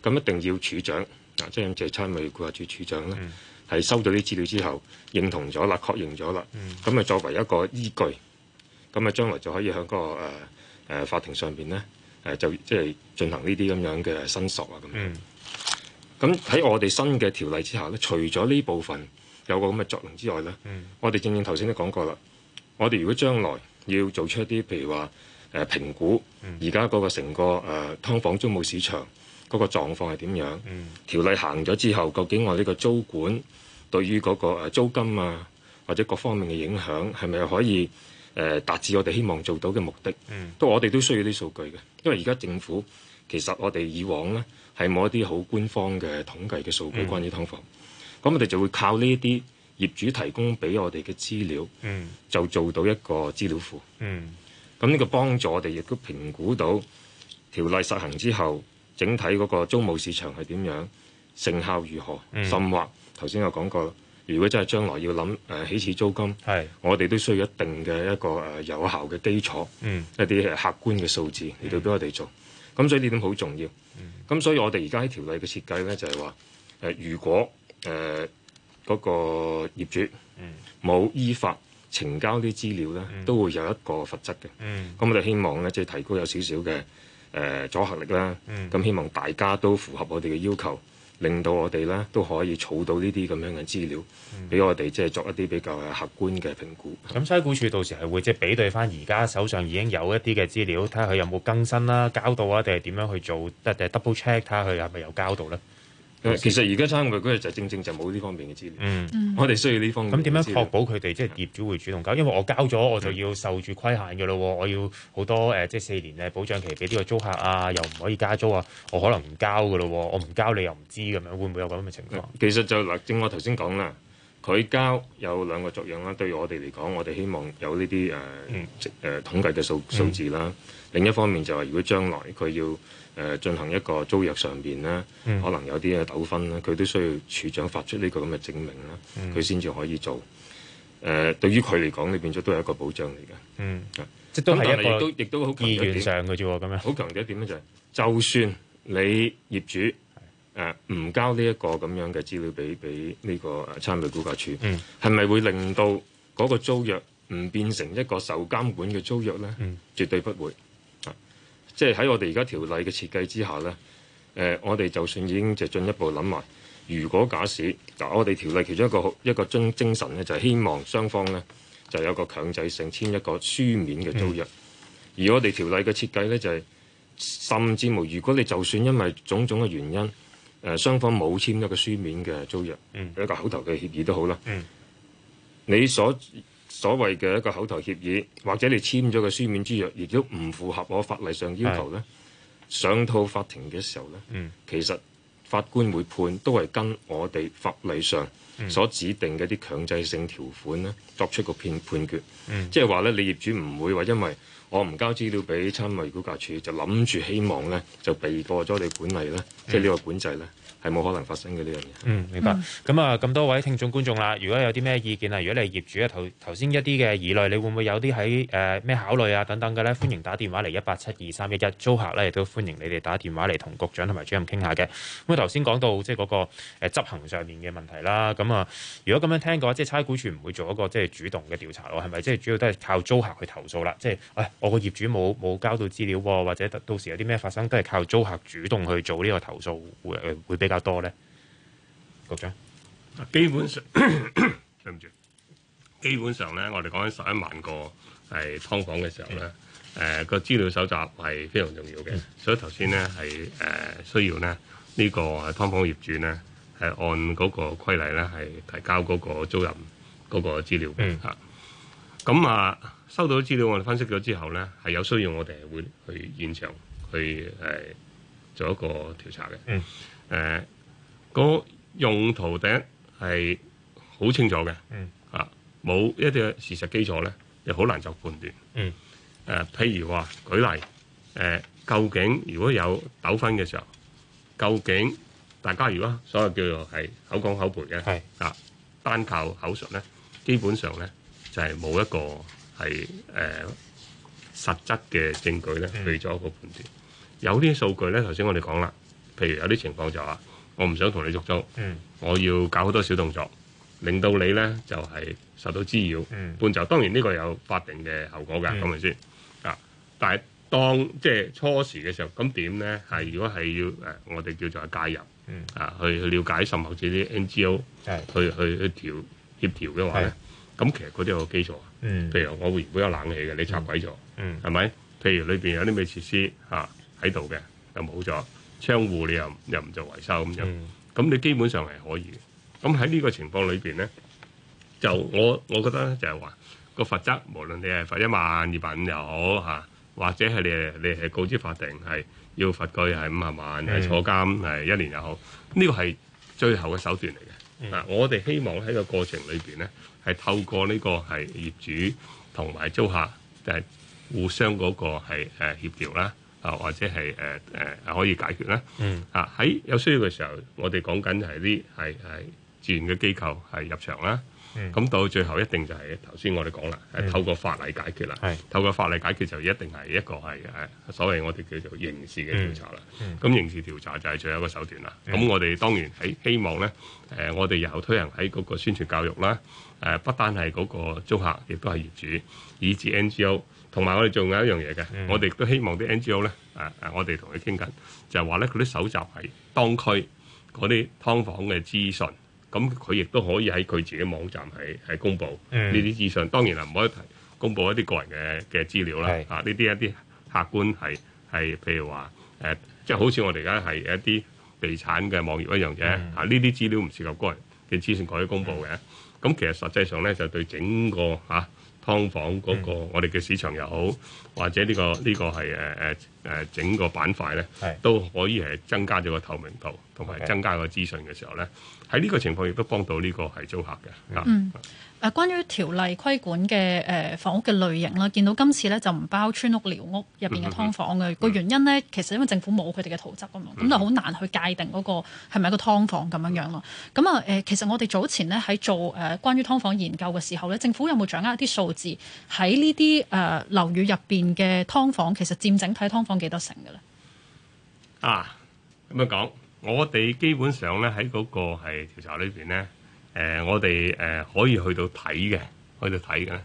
咁，一定要處長啊、呃，即係營業差委掛住處長啦。Mm. 係收到啲資料之後，認同咗啦，確認咗啦，咁啊、嗯、作為一個依據，咁啊將來就可以喺、嗰個誒誒、呃呃、法庭上邊咧，誒、呃、就即係進行呢啲咁樣嘅申索啊咁樣。咁喺、嗯、我哋新嘅條例之下咧，除咗呢部分有個咁嘅作用之外咧、嗯，我哋正正頭先都講過啦，我哋如果將來要做出一啲譬如話誒評估，而家嗰個成個誒劏、呃、房租務市場。嗰個狀況係點樣？條例行咗之後，究竟我呢個租管對於嗰個租金啊，或者各方面嘅影響係咪可以誒、呃、達至我哋希望做到嘅目的？嗯、都我哋都需要啲數據嘅，因為而家政府其實我哋以往呢，係冇一啲好官方嘅統計嘅數據關於劏房，咁、嗯、我哋就會靠呢一啲業主提供俾我哋嘅資料，嗯、就做到一個資料庫。咁呢、嗯、個幫助我哋亦都評估到條例實行之後。整體嗰個租務市場係點樣？成效如何？甚或頭先我講過，如果真係將來要諗誒起始租金，我哋都需要一定嘅一個誒有效嘅基礎，一啲客觀嘅數字嚟到俾我哋做。咁所以呢點好重要。咁所以我哋而家喺條例嘅設計呢，就係話誒，如果誒嗰個業主冇依法呈交啲資料呢，都會有一個罰則嘅。咁我哋希望呢，即係提高有少少嘅。誒、呃、阻行力啦，咁、嗯、希望大家都符合我哋嘅要求，令到我哋咧都可以儲到呢啲咁樣嘅資料，俾、嗯、我哋即係作一啲比較客觀嘅評估。咁、嗯，差估處到時係會即係、就是、比對返而家手上已經有一啲嘅資料，睇下佢有冇更新啦、交到啊，定係點樣去做？即係 double check 睇下佢係咪有交到咧。其實而家差嘅嗰啲就正正就冇呢方面嘅資料。嗯，我哋需要呢方面嘅資料。面咁點樣確保佢哋即係業主會主動交？因為我交咗我就要受住規限嘅咯。我要好多誒、呃，即係四年嘅保障期俾呢個租客啊，又唔可以加租啊。我可能唔交嘅咯。我唔交你又唔知咁樣，會唔會有咁嘅情況、嗯？其實就嗱，正如我頭先講啦，佢交有兩個作用啦。對於我哋嚟講，我哋希望有呢啲誒誒統計嘅數數字啦。嗯嗯、另一方面就係、是、如果將來佢要。誒進行一個租約上邊咧，嗯、可能有啲嘅糾紛咧，佢都需要署長發出呢個咁嘅證明咧，佢先至可以做。誒、呃、對於佢嚟講，呢變咗都係一個保障嚟嘅。嗯，即是都係一個。亦都亦都好強嘅。上嘅啫咁樣好強調一點咧，點啊、點就係、是、就算你業主誒唔是、啊、交呢一個咁樣嘅資料俾俾呢個參與估價署，係咪、嗯、會令到嗰個租約唔變成一個受監管嘅租約咧？嗯、絕對不會。即係喺我哋而家條例嘅設計之下呢，誒、呃，我哋就算已經就進一步諗埋，如果假使嗱，我哋條例其中一個一個精精神呢，就係、是、希望雙方呢就有個強制性簽一個書面嘅租約，嗯、而我哋條例嘅設計呢，就係、是、甚至無，如果你就算因為種種嘅原因誒，雙、呃、方冇簽一個書面嘅租約，嗯、一個口頭嘅協議都好啦，嗯、你所。所謂嘅一個口頭協議，或者你簽咗個書面之約，亦都唔符合我法例上要求咧。的上訴法庭嘅時候咧，嗯、其實法官會判都係跟我哋法例上所指定嘅啲強制性條款咧作出個判判決，即係話咧，你業主唔會話因為。我唔交資料俾差餉估價處，就諗住希望咧就避過咗你管理啦。嗯、即係呢個管制咧係冇可能發生嘅呢樣嘢。嗯，明白。咁啊、嗯，咁多位聽眾觀眾啦，如果有啲咩意見啊，如果你係業主啊，頭頭先一啲嘅疑慮，你會唔會有啲喺誒咩考慮啊等等嘅咧？歡迎打電話嚟一八七二三一一租客咧，亦都歡迎你哋打電話嚟同局長同埋主任傾下嘅。咁啊，頭先講到即係嗰個誒執行上面嘅問題啦。咁啊，如果咁樣聽嘅話，即係差估處唔會做一個即係主動嘅調查喎，係咪？即係主要都係靠租客去投訴啦。即、就、係、是，喂、哎。我個業主冇冇交到資料，或者到時有啲咩發生都係靠租客主動去做呢個投訴，會會比較多咧。局長，基本上對唔住， 基本上咧，我哋講緊十一萬個係劏房嘅時候咧，誒個資料搜集係非常重要嘅，Yeah. 所以頭先咧係誒需要咧呢、呢個劏房業主咧係按嗰個規例咧係提交嗰個租賃嗰個資料嚇。Yeah. yeah. 咁啊，收到啲資料，我哋分析咗之後呢，係有需要我哋係會去現場去做一個調查嘅。嗯。誒、呃，嗰個、用途第一係好清楚嘅。嗯。冇、啊、一啲事實基礎呢，又好難做判斷。嗯、呃。譬如話，舉例，誒、呃，究竟如果有糾紛嘅時候，究竟大家如果所謂叫做係口講口賠嘅，係是啊，單靠口述呢，基本上呢。就係冇一個係誒實質嘅證據咧，去做一個判斷。有啲數據咧，頭先我哋講啦，譬如有啲情況就話，我唔想同你續租，我要搞好多小動作，令到你咧就係受到滋擾。伴就當然呢個有法定嘅後果㗎，咁咪先啊！但係當即係初時嘅時候，咁點咧？係如果係要誒我哋叫做介入啊，去去了解甚或者啲 NGO 去去去調協調嘅話咧。咁其實嗰啲有基礎啊，譬如我會館有冷氣嘅，你拆鬼咗，係咪？譬如裏邊有啲咩設施嚇喺度嘅，又冇咗，窗戶你又又唔做維修咁樣，咁、嗯、你基本上係可以。咁喺呢個情況裏邊咧，就我我覺得咧就係話個罰則，無論你係罰一萬二百五又好嚇、啊，或者係你你係告知法庭係要罰佢係五萬萬，係坐、嗯、監係一年又好，呢個係最後嘅手段嚟嘅。嗱，嗯、我哋希望喺個過程裏邊咧，係透過呢個係業主同埋租客誒、就係、互相嗰個係誒協調啦，啊或者係誒誒可以解決啦。啊喺、嗯、有需要嘅時候，我哋講緊係啲係係志願嘅機構係入場啦。咁、嗯、到最後一定就係頭先我哋講啦，係、嗯、透過法例解決啦。嗯、透過法例解決就一定係一個係係所謂我哋叫做刑事嘅調查啦。咁、嗯嗯、刑事調查就係最後一個手段啦。咁、嗯、我哋當然係希望咧，誒、呃、我哋日後推行喺嗰個宣傳教育啦，誒、呃、不單係嗰個租客，亦都係業主，以至 NGO，同埋我哋仲有一樣嘢嘅、嗯呃呃，我哋都希望啲 NGO 咧，誒誒我哋同佢傾緊，就係話咧佢啲搜集喺當區嗰啲劏房嘅資訊。咁佢亦都可以喺佢自己網站係係公布呢啲資訊，當然啦，唔可以公布一啲個人嘅嘅資料啦。啊、嗯，呢啲一啲客觀係係譬如話誒，即係好似我哋而家係一啲地產嘅網頁一樣嘅。啊，呢啲資料唔涉及個人嘅資訊可以公布嘅。咁其實實際上咧，就對整個嚇劏、啊、房嗰、那個、嗯、我哋嘅市場又好，或者呢、這個呢、這個係誒誒。這個誒整個板塊咧，是都可以誒增加咗個透明度，同埋增加個資訊嘅時候咧，喺呢 Okay. 個情況亦都幫到呢個係租客嘅。嗯，誒、嗯、關於條例規管嘅誒房屋嘅類型啦，見到今次咧就唔包村屋、寮屋入邊嘅劏房嘅個、嗯嗯、原因呢，其實因為政府冇佢哋嘅圖則啊嘛，咁、嗯、就好難去界定嗰個係咪一個㓥房咁樣、嗯嗯、樣咯。咁啊誒，其實我哋早前呢，喺做誒關於劏房研究嘅時候咧，政府有冇掌握一啲數字喺呢啲誒樓宇入邊嘅劏房，其實佔整體㓥安幾多成嘅咧？啊咁樣講，我哋基本上咧喺嗰個係調查裏邊咧，誒、呃、我哋誒、呃、可以去到睇嘅，去到睇嘅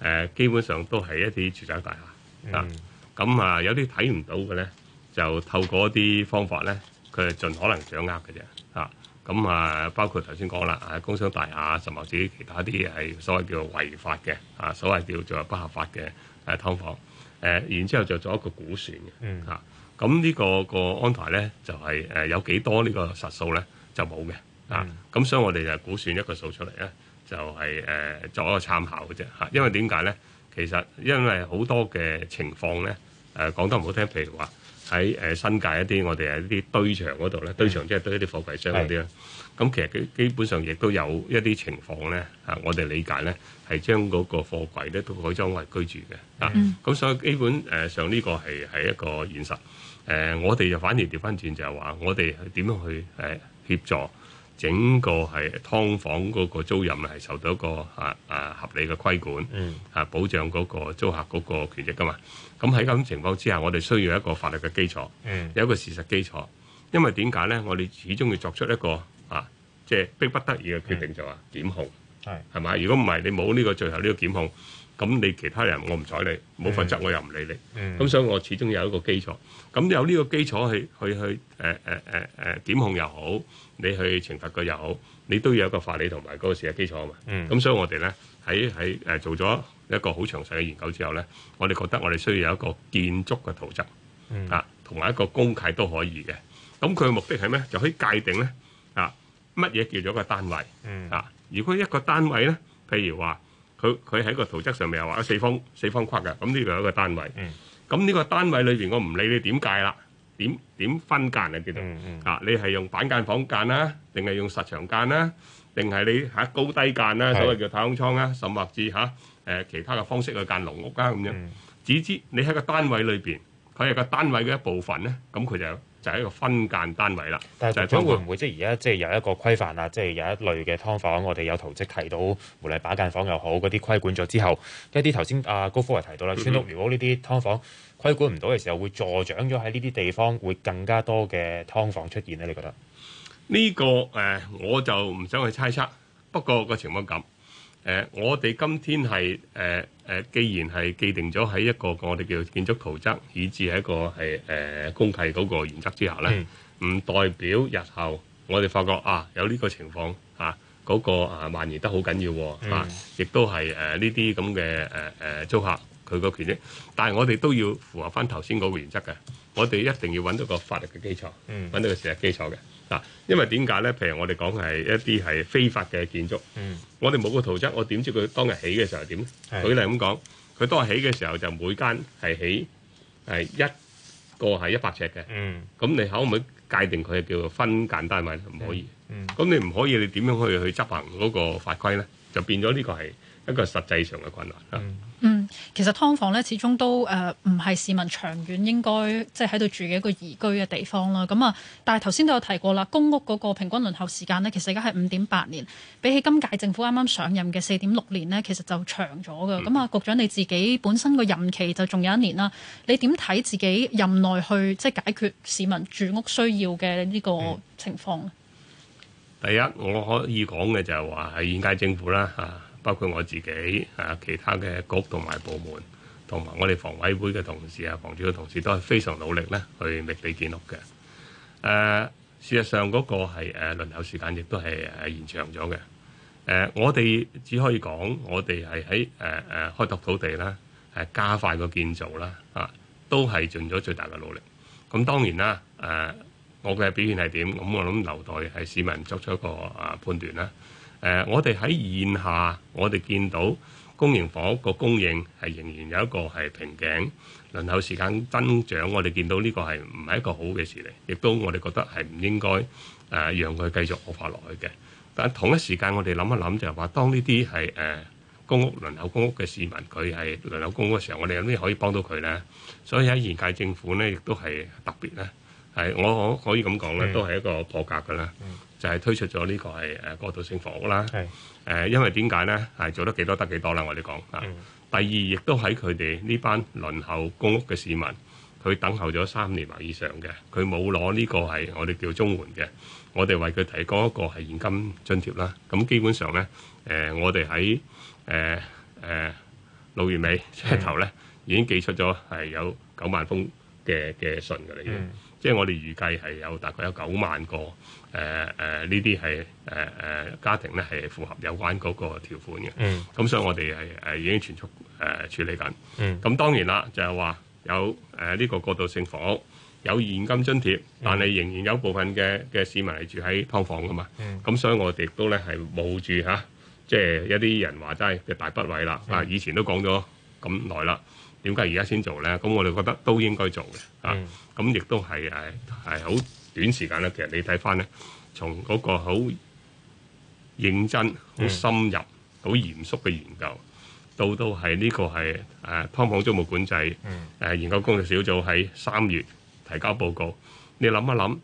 誒，基本上都係一啲住宅大廈啊。咁、嗯、啊，啊，有啲睇唔到嘅咧，就透過一啲方法咧，佢係盡可能掌握嘅啫。嚇、啊、咁啊，包括頭先講啦，啊工商大廈、甚至其他啲係所謂叫做違法嘅啊，所謂叫做不合法嘅誒劏房。啊啊啊誒、呃，然之後就做一個估算嘅嚇，咁呢、嗯啊這個、這個安排咧就係、是、誒、呃、有幾多呢個實數咧就冇嘅，啊，咁、嗯啊、所以我哋就估算一個數出嚟咧，就係誒做一個參考嘅啫嚇，因為點解咧？其實因為好多嘅情況咧誒講得唔好聽，譬如話。喺誒新界一啲，我哋喺啲堆場嗰度咧，堆場即係堆一啲貨櫃箱嗰啲啦。咁其實基基本上亦都有一啲情況咧，啊，我哋理解咧係將嗰個貨櫃咧都改裝為居住嘅、啊的。啊、嗯，咁所以基本誒上呢個係係一個現實。誒，我哋就反而調返轉就係話，我哋係點樣去誒協助？整個係劏房嗰個租賃係受到一個嚇啊，啊合理嘅規管，嚇、嗯啊、保障嗰個租客嗰個權益噶嘛。咁喺咁情況之下，我哋需要一個法律嘅基礎，嗯、有一個事實基礎。因為點解呢？我哋始終要作出一個嚇即係迫不得已嘅決定就檢，就話檢控係係嘛。如果唔係，你冇呢、呢個最後呢個檢控。咁你其他人我唔睬你，冇罰則我又唔理你。咁所以我始終有一個基礎。咁有呢個基礎去去去誒誒誒誒檢控又好，你去懲罰佢又好，你都要有一個法理同埋嗰個事實基礎啊嘛。咁、嗯、所以我哋咧喺喺誒做咗一個好詳細嘅研究之後咧，我哋覺得我哋需要有一個建築嘅圖則、嗯、啊，同埋一個公契都可以嘅。咁佢嘅目的係咩？就可以界定咧啊，乜嘢叫做一個單位啊，啊？如果一個單位咧，譬如話。佢佢喺個圖則上面又畫咗四方四方框嘅，咁呢度有一個單位。咁呢、嗯、個單位裏邊，我唔理你點計啦，點點分間啊叫做。嗯嗯、啊，你係用板間房間啦、啊，定係用實牆間啦、啊，定係你嚇、啊、高低間啦、啊，是所謂叫太空艙啊，甚或至嚇誒、啊呃、其他嘅方式去間籠屋啊，咁樣。嗯、只知你喺個單位裏邊，佢係個單位嘅一部分咧，咁、嗯、佢就。就係一個分間單位啦，但係是仲共會唔會即係而家即係有一個規範啊？即係有一類嘅劏房，我哋有圖籍提到無論把間房又好，嗰啲規管咗之後，一啲頭先阿高科維提到啦，嗯、哼村屋、如果呢啲劏房規管唔到嘅時候，會助長咗喺呢啲地方，會更加多嘅㓥房出現咧？你覺得呢、呢個誒、呃，我就唔想去猜測，不過個情況咁。誒、呃，我哋今天係誒誒，既然係既定咗喺一個我哋叫建築圖則，以至係一個係誒、呃、公契嗰個原則之下咧，唔、嗯、代表日後我哋發覺啊，有呢個情況啊，嗰、那個啊蔓延得好緊要嚇，亦都係誒呢啲咁嘅誒誒租客佢個權益，但係我哋都要符合翻頭先嗰個原則嘅，我哋一定要揾到個法律嘅基礎，揾到個事實基礎嘅。嗯嗱，因為點解咧？譬如我哋講係一啲係非法嘅建築，嗯、我哋冇個圖則，我點知佢當日起嘅時候係點咧？舉例咁講，佢當日起嘅時候就每間係起係一個係一百尺嘅，咁、嗯、你可唔可以界定佢係叫做分間單位咧？唔可以，咁、嗯、你唔可以，你點樣去去執行嗰個法規咧？就變咗呢個係，一個實際上嘅困難。嗯，嗯，其實劏房始終都誒唔係市民長遠應該即喺度住嘅一個宜居嘅地方啦。咁、嗯、啊，但係頭先都有提過啦，公屋嗰個平均輪候時間咧，其實而家係五點八年，比起今屆政府啱啱上任嘅四點六年咧，其實就長咗㗎。咁啊、嗯，嗯嗯、局長你自己本身個任期就仲有一年啦，你點睇自己任內去即解決市民住屋需要嘅呢個情況呢、嗯？第一，我可以講嘅就係話係現屆政府啦，嚇、啊。包括我自己啊，其他嘅局同埋部門，同埋我哋房委會嘅同事啊，房主嘅同事都係非常努力咧，去覓地建屋嘅。誒、啊，事實上嗰個係誒、啊、輪候時間亦都係誒延長咗嘅。誒、啊，我哋只可以講，我哋係喺誒誒開拓土地啦，誒、啊、加快個建造啦，啊，都係盡咗最大嘅努力。咁、啊、當然啦，誒、啊，我嘅表現係點，咁我諗留待係市民作出一個啊判斷啦。誒、呃，我哋喺現下，我哋見到公營房屋個供應係仍然有一個係瓶頸，輪候時間增長，我哋見到呢個係唔係一個好嘅事嚟，亦都我哋覺得係唔應該誒、呃、讓佢繼續惡化落去嘅。但同一時間，我哋諗一諗就係、是、話，當呢啲係誒公屋輪候公屋嘅市民，佢係輪候公屋嘅時候，我哋有咩可以幫到佢咧。所以喺現屆政府咧，亦都係特別咧，係我可可以咁講咧，都係一個破格嘅啦。嗯嗯就係推出咗呢個係誒過渡性房屋啦，誒因為點解咧？係做得幾多得幾多啦，我哋講啊。第二亦都喺佢哋呢班輪候公屋嘅市民，佢等候咗三年或以上嘅，佢冇攞呢個係我哋叫中援嘅，我哋為佢提供一個係現金津貼啦。咁基本上咧，誒我哋喺誒誒六月尾出頭咧，已經寄出咗係有九萬封嘅嘅信嘅啦。已經。即係我哋預計係有大概有九萬個誒誒呢啲係誒誒家庭咧係符合有關嗰個條款嘅，咁、嗯、所以我哋係誒已經全速誒、呃、處理緊。咁、嗯、當然啦，就係、是、話有誒呢、呃這個過渡性房屋有現金津貼，但係仍然有部分嘅嘅市民係住喺劏房㗎嘛。咁、嗯、所以我哋亦都咧係冒住嚇，即係一啲人話齋嘅大不韙啦。啊，以前都講咗咁耐啦。點解而家先做呢？咁我哋覺得都應該做嘅、嗯啊，啊，咁亦都係誒係好短時間啦。其實你睇翻咧，從嗰個好認真、好深入、好、嗯、嚴肅嘅研究，到到係呢個係誒劏房租務管制誒、嗯啊、研究工作小組喺三月提交報告，你諗一諗，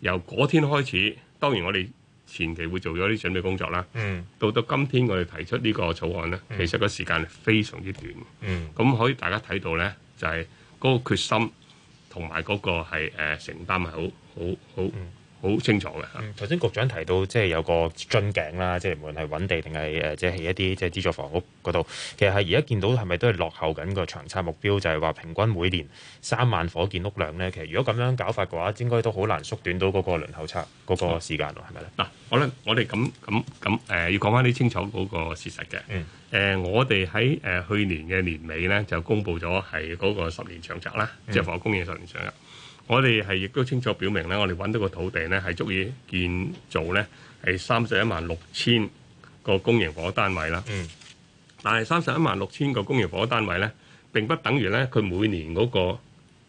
由嗰天開始，當然我哋。前期會做咗啲準備工作啦，到、嗯、到今天我哋提出呢個草案咧，嗯、其實個時間係非常之短的，咁、嗯、可以大家睇到咧，就係、是、嗰個決心同埋嗰個係、呃、承擔係好好好。好清楚嘅。頭先、嗯、局長提到，即係有個樽頸啦，即係無論係揾地定係誒，即係起一啲即係資助房屋嗰度，其實係而家見到係咪都係落後緊個長策目標，就係、是、話平均每年三萬伙建屋量咧。其實如果咁樣搞法嘅話，應該都好難縮短到嗰個輪候冊嗰個時間咯，係咪咧？嗱、啊，我咧，我哋咁咁咁誒，要講翻啲清楚嗰個事實嘅。誒、嗯嗯呃，我哋喺誒去年嘅年尾咧，就公布咗係嗰個十年長策啦，即係房屋供應十年長入。嗯我哋係亦都清楚表明咧，我哋揾到個土地咧係足以建造咧係三十一萬六千個公營房屋單位啦。嗯。但係三十一萬六千個公營房屋單位咧，並不等於咧佢每年嗰個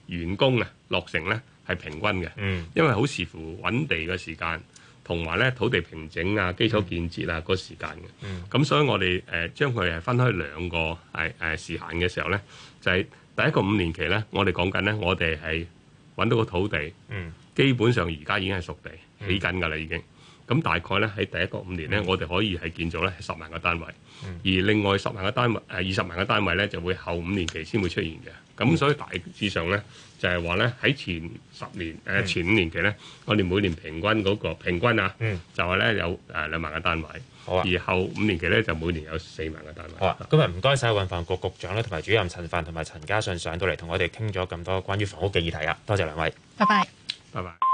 完工啊落成咧係平均嘅。嗯。因為好視乎揾地嘅時間，同埋咧土地平整啊、基礎建設啊個時間嘅。嗯。咁所以我哋誒將佢係分開兩個係誒時限嘅時候咧，就係第一個五年期咧，我哋講緊咧，我哋係。揾到個土地，嗯、基本上而家已經係熟地，起緊㗎啦已經。咁大概咧喺第一個五年咧，嗯、我哋可以係建造咧十萬個單位，嗯、而另外十萬個單位誒二十萬個單位咧就會後五年期先會出現嘅。咁所以大致上咧就係話咧喺前十年誒、呃、前五年期咧，我哋每年平均嗰、嗰個平均啊，嗯、就係咧有誒兩、呃、萬個單位。好啊，而後五年期咧就每年有四萬嘅單位。好啊，嗯、今日唔該晒運房局局長咧，同埋主任陳帆同埋陳嘉信上到嚟同我哋傾咗咁多關於房屋嘅議題啊，多謝兩位。拜拜。拜拜。拜拜。